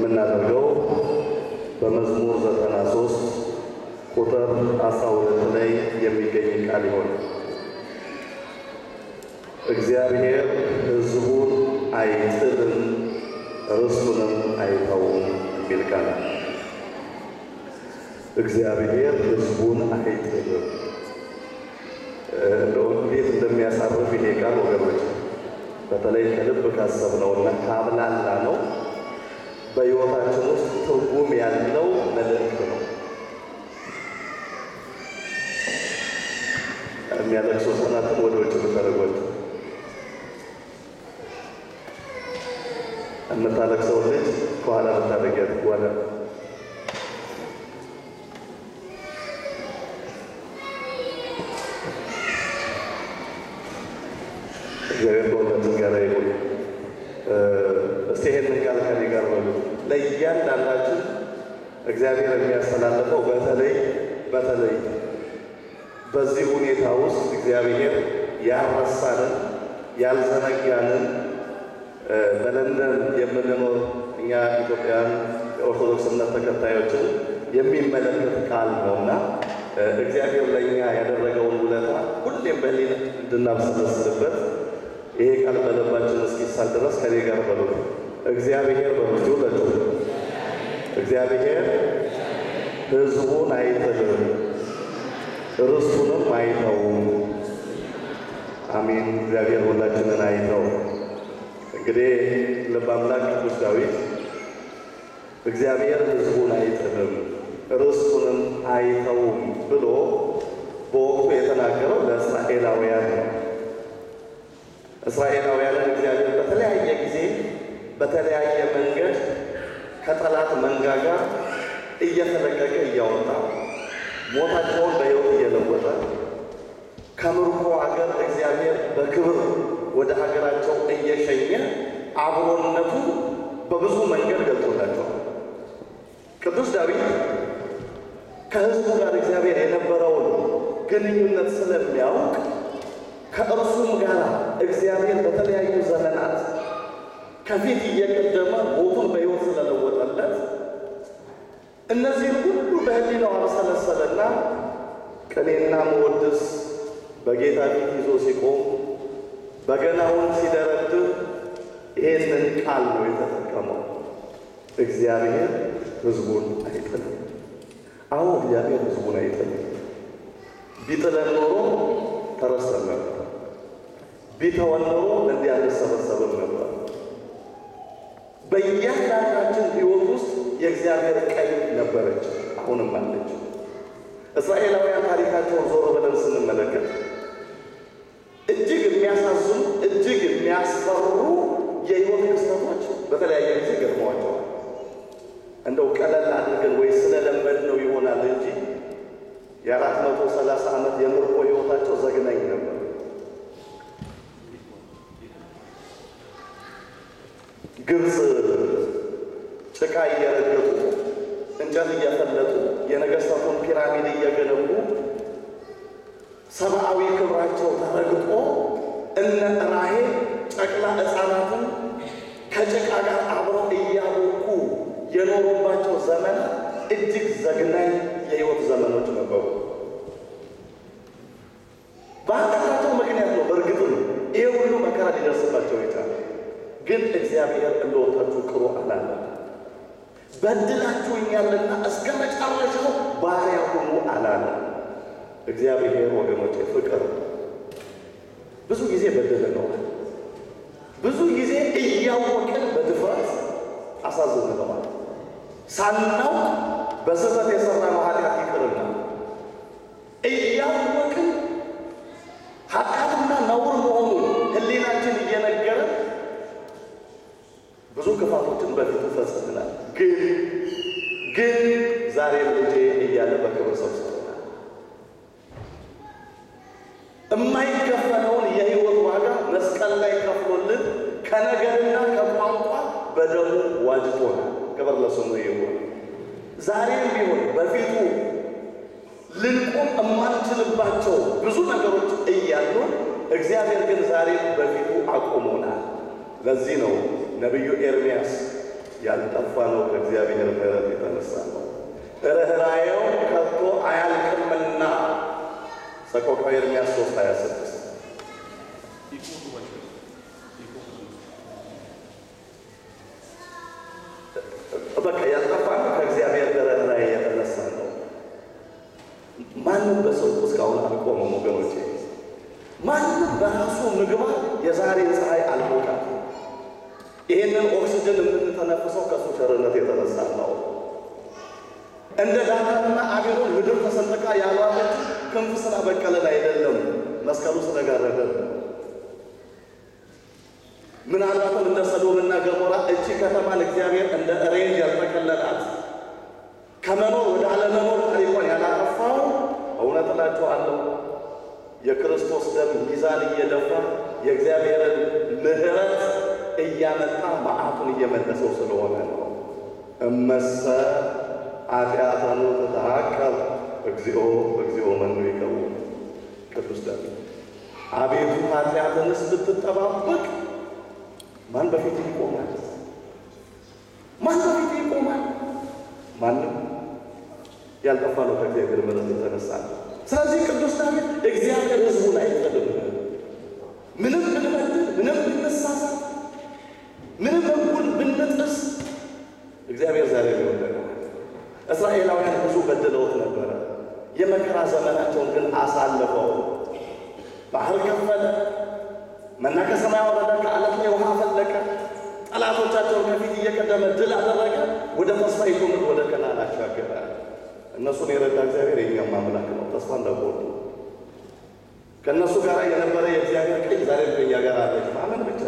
የምናደርገው በመዝሙር ዘጠና ቁጥር 12 ላይ የሚገኝ ቃል ይሆን። እግዚአብሔር ሕዝቡን አይጥልም ርስቱንም አይተውም የሚል ቃል እግዚአብሔር ሕዝቡን አይጥልም። እንዴት እንደሚያሳርፍ ይሄ ቃል ወገኖች፣ በተለይ ከልብ እና ካብላላ ነው በሕይወታችን ውስጥ ትርጉም ያለው መልእክት ነው። የሚያለቅሱ ህጻናትን ወደ ውጭ ብታደርጓቸው የምታለቅሰው ልጅ ከኋላ ብታደርጊያት በኋላ ለእያንዳንዳችን እግዚአብሔር የሚያስተላልፈው በተለይ በተለይ በዚህ ሁኔታ ውስጥ እግዚአብሔር ያረሳንን ያልዘነጋንን በለንደን የምንኖር እኛ ኢትዮጵያን የኦርቶዶክስ እምነት ተከታዮችን የሚመለከት ቃል ነውና እግዚአብሔር ለእኛ ያደረገውን ውለታ ሁሌም በሌል እንድናመሰለስልበት ይሄ ቃል በልባችን እስኪሳል ድረስ ከኔ ጋር በሉ እግዚአብሔር በምስሉ ለጡ እግዚአብሔር ሕዝቡን አይጥልም ርስቱንም አይተውም። አሜን። እግዚአብሔር ሁላችንን አይተው። እንግዲህ ልበ አምላክ ቅዱስ ዳዊት እግዚአብሔር ሕዝቡን አይጥልም ርስቱንም አይተውም ብሎ በወቅቱ የተናገረው ለእስራኤላውያን ነው። እስራኤላውያንን እግዚአብሔር በተለያየ ጊዜ በተለያየ መንገድ ከጠላት መንጋጋ እየተለቀቀ እያወጣ ሞታቸውን በሕይወት እየለወጠ ከምርኮ ሀገር እግዚአብሔር በክብር ወደ ሀገራቸው እየሸኘ አብሮነቱ በብዙ መንገድ ገልጦላቸዋል። ቅዱስ ዳዊት ከሕዝቡ ጋር እግዚአብሔር የነበረውን ግንኙነት ስለሚያውቅ ከእርሱም ጋር እግዚአብሔር በተለያዩ ዘመናት ከፊት እየቀደመ ሞቱን በ ተፈጥሮለት እነዚህ ሁሉ በህሊናው አብሰለሰለና ቅኔና መወድስ በጌታ ፊት ይዞ ሲቆም በገናውን ሲደረድር ይህንን ቃል ነው የተጠቀመው። እግዚአብሔር ህዝቡን አይጥልም። አዎ እግዚአብሔር ህዝቡን አይጥልም። ቢጥለን ኖሮ ተረሰን ነበር። ቢተወን ኖሮ እንዲህ አንሰበሰብም ነበር። በእያንዳንዳችን ህይወት ውስጥ የእግዚአብሔር ቀኝ ነበረች፣ አሁንም አለች። እስራኤላውያን ታሪካቸውን ዞር ብለን ስንመለከት እጅግ የሚያሳዝኑ እጅግ የሚያስፈሩ የህይወት ክስተቶች በተለያየ ጊዜ ገጥመዋቸዋል። እንደው ቀለል አድርገን ወይ ስለለመድ ነው ይሆናል እንጂ የአራት መቶ ሰላሳ ዓመት የምርኮ ህይወታቸው ዘግናኝ ነበር። ግብፅ ጭቃ እያደገቁ እንጨት እያፈለጡ የነገስታቱን ፒራሚድ እየገነቡ ሰብአዊ ክብራቸው ተረግጦ እነ ራሄ ጨቅላ ሕፃናትን ከጭቃ ጋር አብረው እያበኩ የኖሩባቸው ዘመን እጅግ ዘግናኝ የህይወት ዘመኖች ነበሩ። በኃጢአታቸው ምክንያት ነው። በእርግጥም ይሄ ሁሉ መከራ ሊደርስባቸው የቻለ ግን እግዚአብሔር እንደወጣችሁ ቅሩ በድላችሁኛልና እስከ መጨረሻው ባሪያ ሆኑ አላለ። እግዚአብሔር ወገኖቼ ፍቅር ብዙ ጊዜ በደል ነዋል። ብዙ ጊዜ እያወቅን በድፍረት አሳዝንነዋል። ሳናውቅ በስህተት የምንፈትንባቸው ብዙ ነገሮች እያሉ እግዚአብሔር ግን ዛሬ በፊቱ አቁሞናል። ለዚህ ነው ነቢዩ ኤርሚያስ ያልጠፋ ነው ከእግዚአብሔር ቃል እግዚአብሔር እንደ ሬንጅ ያልጠቀለላት ከመኖር ወደ አለመኖር ታሪኳን ያላጠፋው እውነት እላችኋለሁ የክርስቶስ ደም ሚዛን እየደፋ የእግዚአብሔርን ምሕረት እያመጣ መዓቱን እየመለሰው ስለሆነ ነው። እመሰ ኃጢአተኑ ተተሃቀብ እግዚኦ እግዚኦ መኑ ይቀውም ቅዱስ ዳዊት አቤቱ ኃጢአትንስ ብትጠባበቅ ማን በፊት ይቆማል? ማን በፊት ይቆማል? ማንም ያልጠፋ ነው ከእግዚአብሔር ምሕረት የተነሳ ስለዚህ ቅዱስ ዳዊት እግዚአብሔር ሕዝቡ ላይ ምንም ብንበድል፣ ምንም ብንሳሳ፣ ምንም በኩል ብንጥስ እግዚአብሔር ዛሬ ይወደናል። እስራኤላውያን ብዙ በድለውት ነበረ። የመከራ ዘመናቸውን ግን አሳልፈው ባህር ከፈለ መና ከሰማይ ወረደ፣ ከዓለት ላይ ውሃ ፈለቀ። ጠላቶቻቸውን ከፊት እየቀደመ ድል አደረገ። ወደ ተስፋይቱ ምድር ወደ ከነዓን አሻገረ። እነሱን የረዳ እግዚአብሔር የኛም አምላክ ነው። ተስፋ እንዳቆርጡ ከእነሱ ጋር የነበረ የእግዚአብሔር ቀኝ ዛሬ ከኛ ጋር አለች። ማመን ብቻ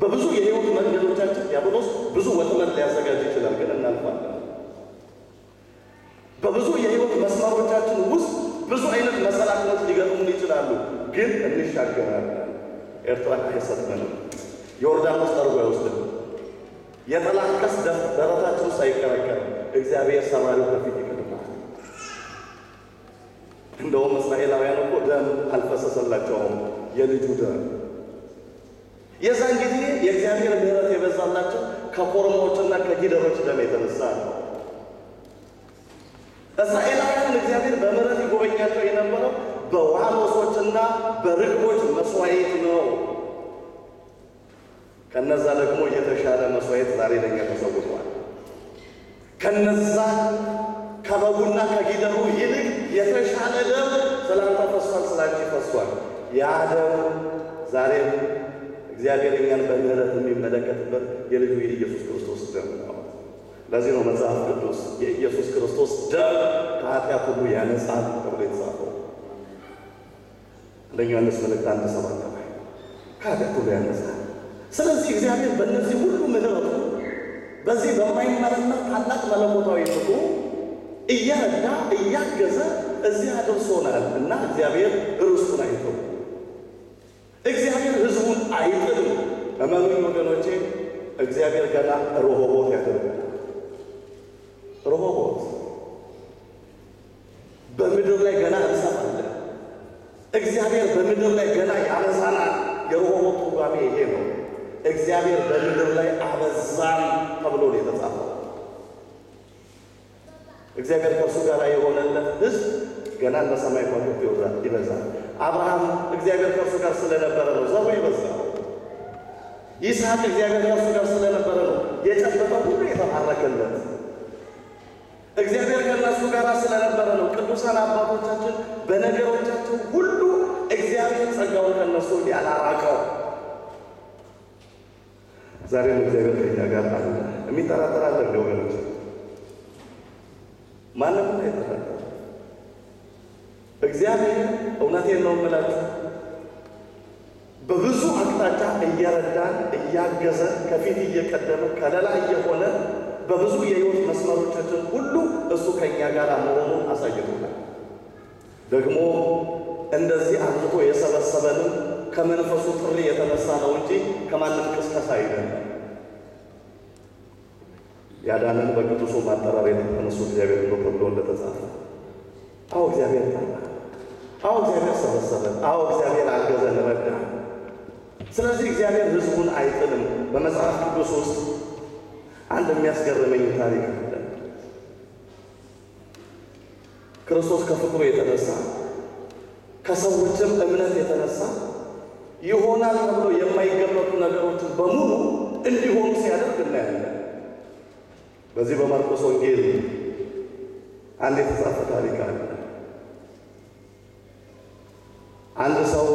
በብዙ የህይወት መንገዶቻችን ዲያብሎስ ብዙ ወጥመድ ሊያዘጋጅ ይችላል፣ ግን እናልፋለን። በብዙ የህይወት መስመሮቻችን ውስጥ ብዙ አይነት መሰናክሎች ሊገጥሙን ይችላሉ፣ ግን እንሻገራለን። ኤርትራን አይሰጥመንም። ዮርዳኖስ ጠርጎ አይወስድም። የጠላት ቀስ ደረታችን ውስጥ አይከረከርም። እግዚአብሔር ሰማሪው ከፊት ይቀድማል። እንደውም እስራኤላውያን እኮ ደም አልፈሰሰላቸውም፣ የልጁ ደም። የዛን ጊዜ የእግዚአብሔር ምሕረት የበዛላቸው ከኮርማዎችና ከጊደሮች ደም የተነሳ ነው። እስራኤላውያን እግዚአብሔር በምሕረት ይጎበኛቸው የነበረው በዋኖሶችና በርግቦች መስዋዕት ነው። ከነዛ ደግሞ የተሻለ መስዋዕት ዛሬ ለኛ ተሰውቷል። ከነዛ ከበጉና ከጊደሩ ይልቅ የተሻለ ደም ስላንተ ፈሷል፣ ስላንቺ ፈሷል። ያ ደም ዛሬም እግዚአብሔር እኛን በምህረት የሚመለከትበት የልጁ የኢየሱስ ክርስቶስ ደም ነው። ለዚህ ነው መጽሐፍ ቅዱስ የኢየሱስ ክርስቶስ ደም ከኃጢአት ሁሉ ያነጻል ተብሎ ለዮሐንስ መልእክት አንድ ሰባት ላይ ከኃጢአት ሁሉ ያነጻል። ስለዚህ እግዚአብሔር በእነዚህ ሁሉ ምሕረቱ በዚህ በማይመረመር ታላቅ መለኮታዊ ፍቅሩ እየረዳ እያገዘ እዚህ አድርሶናል እና እግዚአብሔር ርስቱን አይተው እግዚአብሔር ህዝቡን አይጥልም። እመኑኝ ወገኖቼ፣ እግዚአብሔር ገና ሮሆቦት ያደርጋል። ሮሆቦት በምድር ላይ ገና እግዚአብሔር በምድር ላይ ገና ያበዛናል። የሮሆሞ ትርጓሜ ይሄ ነው። እግዚአብሔር በምድር ላይ አበዛን ተብሎ ነው የተጻፈው። እግዚአብሔር ከእርሱ ጋር የሆነለት ሕዝብ ገና እንደ ሰማይ ከዋክብት ይበዛል። አብርሃም እግዚአብሔር ከእርሱ ጋር ስለነበረ ነው ዘሩ ይበዛ። ይስሐቅ እግዚአብሔር ከእርሱ ጋር ስለነበረ ነው የጨበጠ ሁሉ የተባረከለት። እግዚአብሔር ከእነሱ ጋር ስለነበረ ነው ቅዱሳን አባቶቻችን በነገሮቻቸው ሁሉ ጸጋውን ከእነሱ ወዲህ አላራቀው። ዛሬም እግዚአብሔር ከኛ ጋር አለ። የሚጠራጠር አለ እንደ ወገኖች ማንም አይጠራጠር። እግዚአብሔር እውነቴን ነው የምላችሁ በብዙ አቅጣጫ እየረዳን እያገዘ ከፊት እየቀደመ ከለላ እየሆነ በብዙ የህይወት መስመሮቻችን ሁሉ እሱ ከእኛ ጋር መሆኑን አሳይቶናል ደግሞ እንደዚህ አድርጎ የሰበሰበንም ከመንፈሱ ጥሪ የተነሳ ነው እንጂ ከማንም ቅስቀሳ አይደለም። ያዳንን በቅዱሱ ማጠራር የተነሱ እግዚአብሔር ብሎ ተብሎ እንደተጻፈ። አዎ እግዚአብሔር ታላ፣ አዎ እግዚአብሔር ሰበሰበን፣ አዎ እግዚአብሔር አገዘን፣ ረዳን። ስለዚህ እግዚአብሔር ሕዝቡን አይጥልም። በመጽሐፍ ቅዱስ ውስጥ አንድ የሚያስገርመኝ ታሪክ አለ። ክርስቶስ ከፍቅሩ የተነሳ ከሰዎችም እምነት የተነሳ ይሆናል ተብሎ የማይገመቱ ነገሮችን በሙሉ እንዲሆኑ ሲያደርግ እናያለን። በዚህ በማርቆስ ወንጌል አንድ የተጻፈ ታሪክ አለ። አንድ ሰው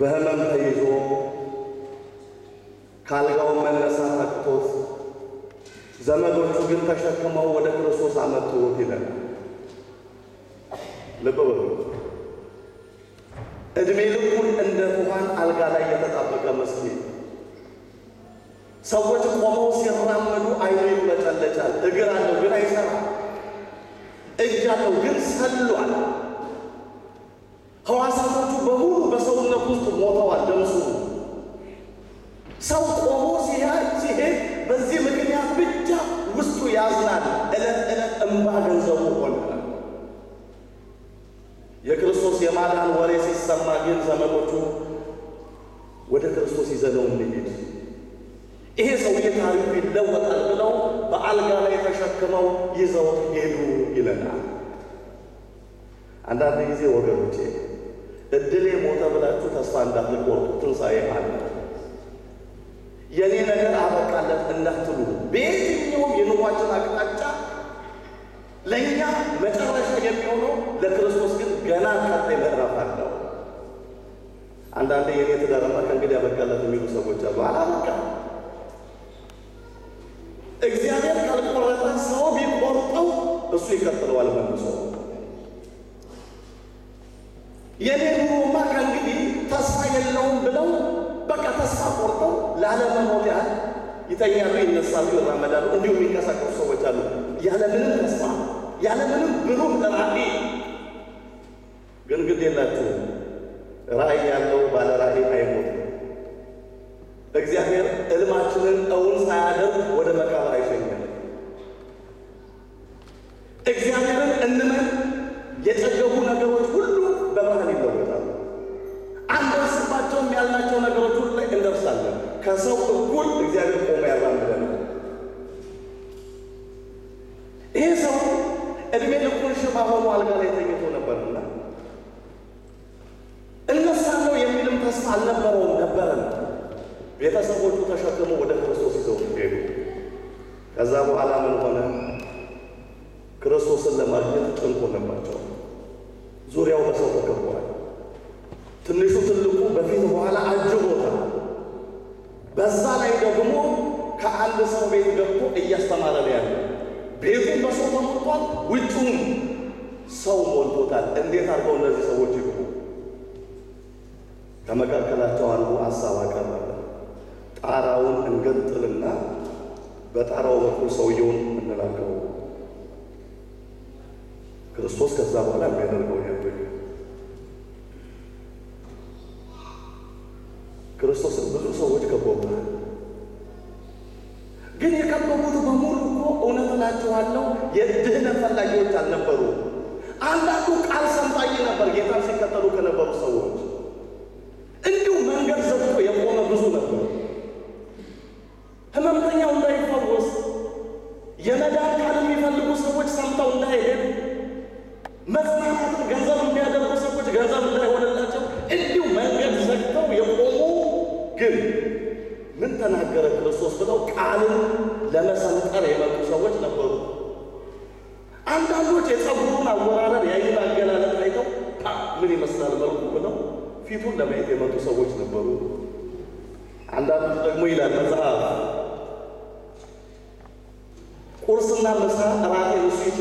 በህመም ተይዞ ካልጋው መነሳት አቅቶት ዘመዶቹ ግን ተሸክመው ወደ ክርስቶስ አመጡት ይለናል። አልጋ ላይ የተጣበቀ መስጊድ ሰዎች ቆመው ሲራመዱ አይኑ ይመጨለጫል። እግር አለው ግን አይሰራ። እጅ አለው ግን ሰሏል። ጥሰውት ሄዱ ይለናል። አንዳንድ ጊዜ ወገኖቼ እድሌ ሞተ ብላችሁ ተስፋ እንዳትቆርጡ ትንሣኤ አለ። የኔ ነገር አበቃለት እንዳትሉ። በየትኛውም የኑሯችን አቅጣጫ ለእኛ መጨረሻ የሚሆነው ለክርስቶስ ግን ገና ቀጣይ ምዕራፍ አለው። አንዳንዴ የኔ ትዳርማ ከእንግዲህ አበቃለት የሚሉ ሰዎች አሉ። አላበቃም እሱ ይቀጥለዋል መልሶ የኔ ኑሮማ ከእንግዲህ ተስፋ የለውም ብለው በቃ ተስፋ ቆርጠው ላለመሞት ያህል ይተኛሉ፣ ይነሳሉ፣ ይራመዳሉ። እንዲሁም የሚንቀሳቀሱ ሰዎች አሉ ያለምንም ተስፋ ያለምንም ብሩህ ራዕይ። ግን ግድ የላችሁ ራዕይ ያለው ባለ ራዕይ አይሞትም። እግዚአብሔር እልማችንን እውን ሳያደርግ ወደ መቃብር አይሽ ያልናቸው ነገሮች ሁሉ ላይ እንደርሳለን። ከሰው እኩል እግዚአብሔር ቆሞ ያራምደናል። ይህ ሰው እድሜ ልኩን ሽባ ሆኖ አልጋ ላይ ተኝቶ ነበርና እነሳለሁ የሚልም ተስፋ አልነበረውም ነበረን። ቤተሰቦቹ ተሸክመው ወደ ክርስቶስ ይዘው ሄዱ። ከዛ በኋላ ምን ሆነ? ክርስቶስን ለማግኘት ጭንቅ ነባቸው። ዙሪያው በሰው ተከቧል። ትንሹ በዛ ላይ ደግሞ ከአንድ ሰው ቤት ገብቶ እያስተማረ ነው ያለ ቤቱን በሰው ተሞልቷል፣ ውጭውን ሰው ሞልቶታል። እንዴት አድርገው እነዚህ ሰዎች ይግቡ? ከመካከላቸው አንዱ ሀሳብ አቀረበ። ጣራውን እንገንጥልና በጣራው በኩል ሰውየውን እንላከው። ክርስቶስ ከዛ በኋላ የሚያደርገው ያደግ ክርስቶስን ብዙ ሰው ቆሟል። ግን የከበቡት በሙሉ እኮ እውነት እላችኋለሁ የድህነት ፈላጊዎች አልነበሩ።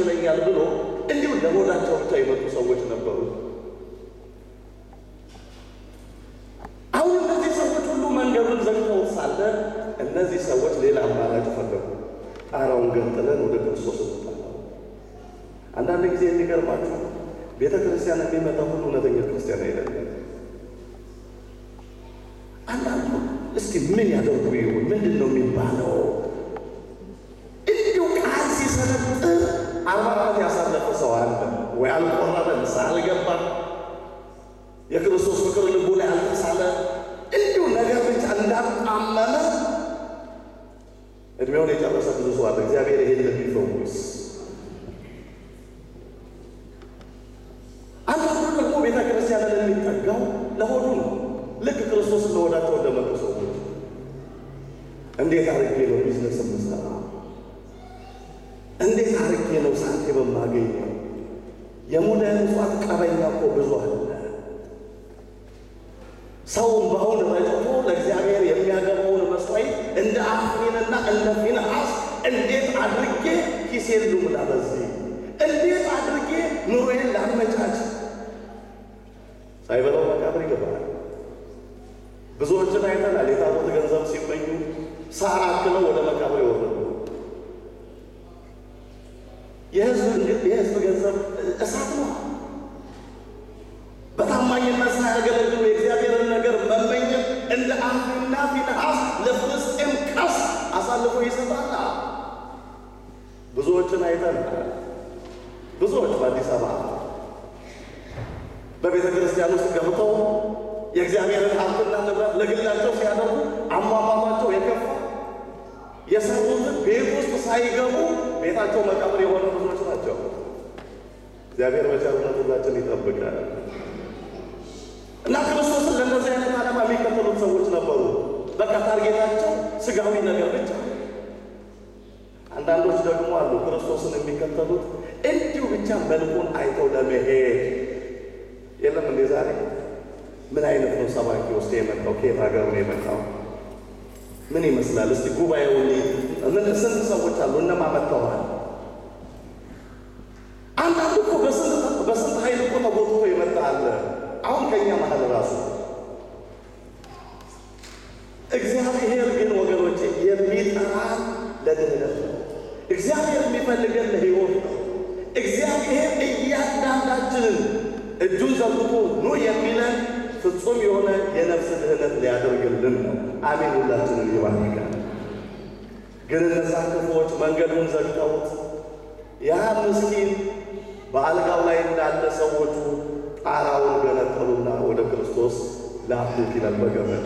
ያሳዝነኛል ብሎ እንዲሁ ለሆዳቸው ብቻ የመጡ ሰዎች ነበሩ። አሁን እነዚህ ሰዎች ሁሉ መንገዱን ዘግተው ሳለ እነዚህ ሰዎች ሌላ አማራጭ ፈለጉ። ጣራውን ገንጥለን ወደ ክርስቶስ እንጣ አንዳንድ ጊዜ የሚገርማችሁ ቤተ ክርስቲያን የሚመጣው ሁሉ እውነተኛ ክርስቲያን አይደለም። አንዳንዱ እስቲ ምን ያደርጉ ይሁን ምንድን ነው የሚባለው ተጽፏል። እግዚአብሔር ይሄን ለሚፈውስ አንድ ደግሞ ቤተ ክርስቲያን የሚጠጋው ለሆኑ ነው። ልክ ክርስቶስ ለሆዳቸው እንደመጡ ሰዎች እንዴት አርጌ ነው ቢዝነስ የምሰራ? እንዴት አርጌ ነው ሳንቲም በማገኘው? የሙዳየ ምጽዋት ቀበኛ እኮ ብዙ አለ ሳር አክለው ወደ መቃብር የወረዱ የህዝብ ገንዘብ እሳት ነው። በታማኝነት ሳያገለግሉ የእግዚአብሔርን ነገር መመኘት እንደ አንዱና ፊንሐስ ለፍልስጤም ቀስ አሳልፎ ይሰጣል። ብዙዎችን አይተን ብዙዎች በአዲስ አበባ በቤተ ክርስቲያን ውስጥ ገብተው የእግዚአብሔርን ሀብትና ንብረት ለግላቸው ሲያደርጉ አሟሟቷቸው የከፋ ሳይገቡ ቤታቸው መቃብር የሆኑ ብዙዎች ናቸው። እግዚአብሔር በቸርነቱ ሁላችን ይጠብቃል እና ክርስቶስን ለእነዚህ አይነት ዓላማ የሚከተሉት ሰዎች ነበሩ። በቃ ታርጌታቸው ስጋዊ ነገር ብቻ። አንዳንዶች ደግሞ አሉ ክርስቶስን የሚከተሉት እንዲሁ ብቻ መልኩን አይተው ለመሄድ የለም እንዴ ዛሬ ምን አይነት ነው ሰባኪ ውስጥ የመጣው? ከየት ሀገር ነው የመጣው? ምን ይመስላል? እስቲ ጉባኤውን ስንት ሰዎች አሉ እነማመተዋል አንዳንዱ እኮ በስንት ኃይል እኮ ተጎትቶ የመጣ አሁን ከኛ መሀል ራሱ እግዚአብሔር ግን ወገኖች የሚጠራን ለድህነት ነው። እግዚአብሔር የሚፈልገን ለሕይወት ነው። እግዚአብሔር እያንዳንዳችንን እጁን ዘርግቶ ኑ የሚለን ፍጹም የሆነ የነፍስ ድህነት ሊያደርግልን ነው። አሜን። ሁላችንን ይባርካል። ግን እነዛ ክፉዎች መንገዱን ዘግተውት ያ ምስኪን በአልጋው ላይ እንዳለ ሰዎቹ ጣራውን ገነጠሉና ወደ ክርስቶስ ላፉት ይላል በገመድ።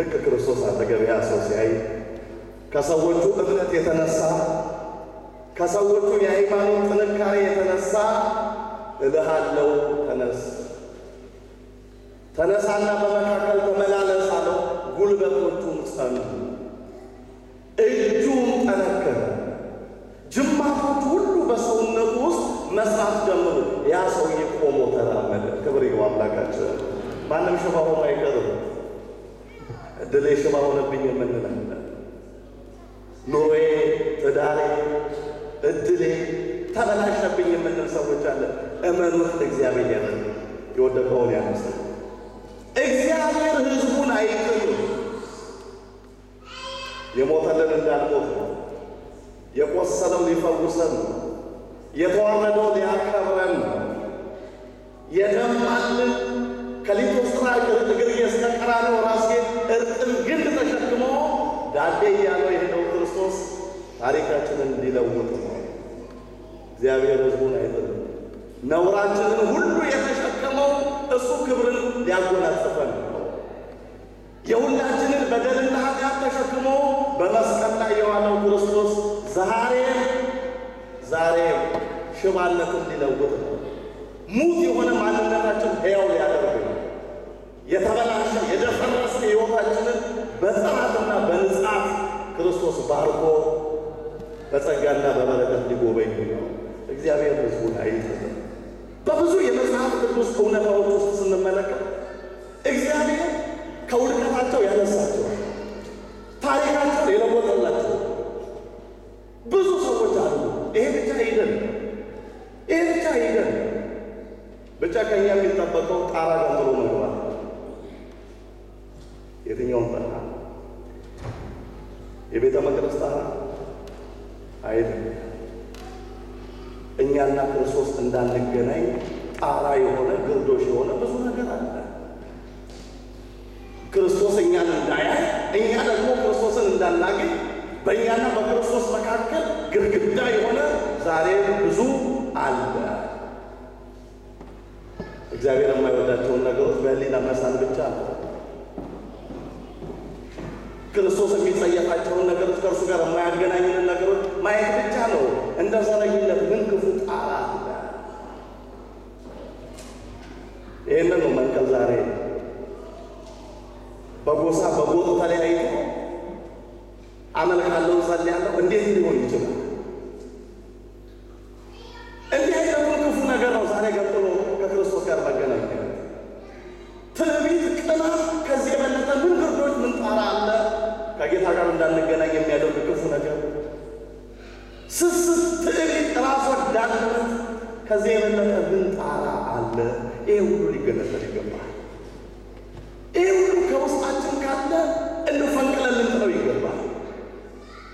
ልክ ክርስቶስ አጠገብ ያ ሰው ሲያይ ከሰዎቹ እምነት የተነሳ ከሰዎቹ የሃይማኖት ጥንካሬ የተነሳ እልሃለው ተነስ፣ ተነሳና በመካከል ተመላለስ አለው። ጉልበቶቹም ጸኑ። እጁም ጠነከረ። ጅማቶች ሁሉ በሰውነቱ ውስጥ መስራት ጀምሩ። ያ ሰውዬ ቆሞ ተራመደ። ክብር ይግባው አምላካችን። ማንም ሽባ ሆኖ አይቀርም። እድሌ ሽባ ሆነብኝ የምንላለን። ኑሮዬ፣ ትዳሬ፣ እድሌ ተበላሸብኝ የምንል ሰዎች አለን። እመኑት እግዚአብሔር የወደቀውን ያነሳል። እግዚአብሔር ህዝቡን አይጥልም። የሞተልን እንዳንሞት ነው። የቆሰለው ሊፈውሰን ነው። የተዋረደው ሊያከብረን ነው። የደማልን ከሊቶስጥራ እግር እስከ ራሴ እርጥብ ግንድ ተሸክሞ ዳዴ እያለው የሄደው ክርስቶስ ታሪካችንን ሊለውጥ ነው። እግዚአብሔር ሕዝቡን አይጥልም። ነውራችንን ሁሉ የተሸከመው እሱ ክብርን ሊያጎናጽፈን ነው። የሁላችንን በደልና ኃጢአት ተሸክሞ በመስቀል ላይ የዋለው ክርስቶስ ዛሬ ዛሬ ሽባነት እንዲለውጥ ነው። ሙት የሆነ ማንነታችን ሕያው ሊያደርግ ነው። የተበላሸ የደፈረሰ ሕይወታችንን በጽናትና በንጻት ክርስቶስ ባርኮ በጸጋና በበረከት ሊጎበኝ ነው። እግዚአብሔር ሕዝቡን አይጥልም። በብዙ የመጽሐፍ ቅዱስ እውነታዎች ውስጥ ስንመለከት እግዚአብሔር ከውድቀታቸው ያነሳቸው ታሪካቸውን የለወጠላቸው ብዙ ሰዎች አሉ። ይሄ ብቻ ይደን ይሄ ብቻ ይደን ብቻ ከኛ የሚጠበቀው ጣራ ገንጥሎ መግባት የትኛውም ጠራ የቤተ መቅደስ ጣራ አይደል። እኛና ክርስቶስ እንዳንገናኝ ጣራ የሆነ ግርዶሽ የሆነ ብዙ ነገር አለ። እንዳናገኝ በእኛና በክርስቶስ መካከል ግድግዳ የሆነ ዛሬ ብዙ አለ። እግዚአብሔር የማይወዳቸውን ነገሮች በህሊና መሳል ብቻ አለ። ክርስቶስ የሚጸየፋቸውን ነገሮች ከእርሱ ጋር የማያገናኝንን ነገሮች ማየት ብቻ ነው። እንደ ዘረኝነት ምን ክፉ ጣራ ይህንን ነው መንቀል ዛሬ በጎሳ በጎጥ ተለያይቶ आम्हाला लोकसी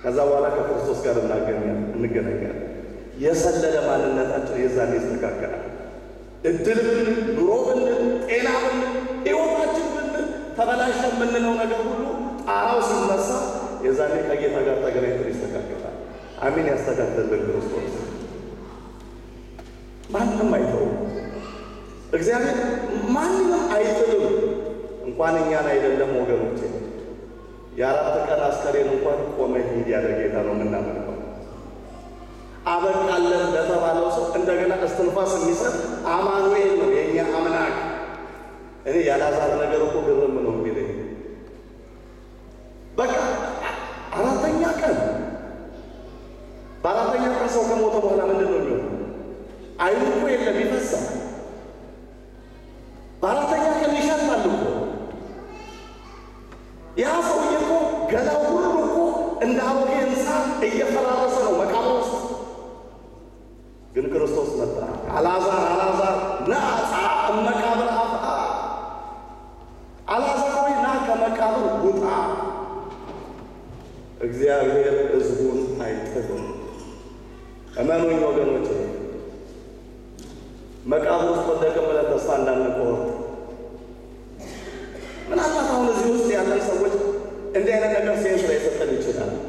ከዛ በኋላ ከክርስቶስ ጋር እንገናኛለን። የሰለለ ማንነታችን የዛኔ ይስተካከላል። እድል ብንል፣ ኑሮ ብንል፣ ጤና ብንል፣ ህይወታችን ብንል ተበላሸ የምንለው ነገር ሁሉ ጣራው ሲነሳ የዛኔ ከጌታ ጋር ተገናኝተን ይስተካከላል። አሚን። ያስተካከልን ክርስቶስ ማንም አይተው እግዚአብሔር ማንም አይጥልም። እንኳን እኛን አይደለም ወገኖቼ የአራት ቀን አስከሬን እንኳን ቆመ ሂድ ያለ ጌታ ነው የምናመልከው። አበቃለን ለተባለው ሰው እንደገና እስትንፋስ የሚሰጥ አማኑኤል ነው የእኛ አምላክ። እኔ ያላዛር ነገር እኮ ግርም ነው የሚለኝ። በቃ አራተኛ ቀን በአራተኛ ቀን ሰው ከሞተ በኋላ ምንድን ነው የሚሆነው? አይኑ እኮ የለም ይፈሳል። എന്ത് ചെയ്യാനാണ് എല്ലാ സീൻസ് ലൈസൻസ് അടിച്ചിടാം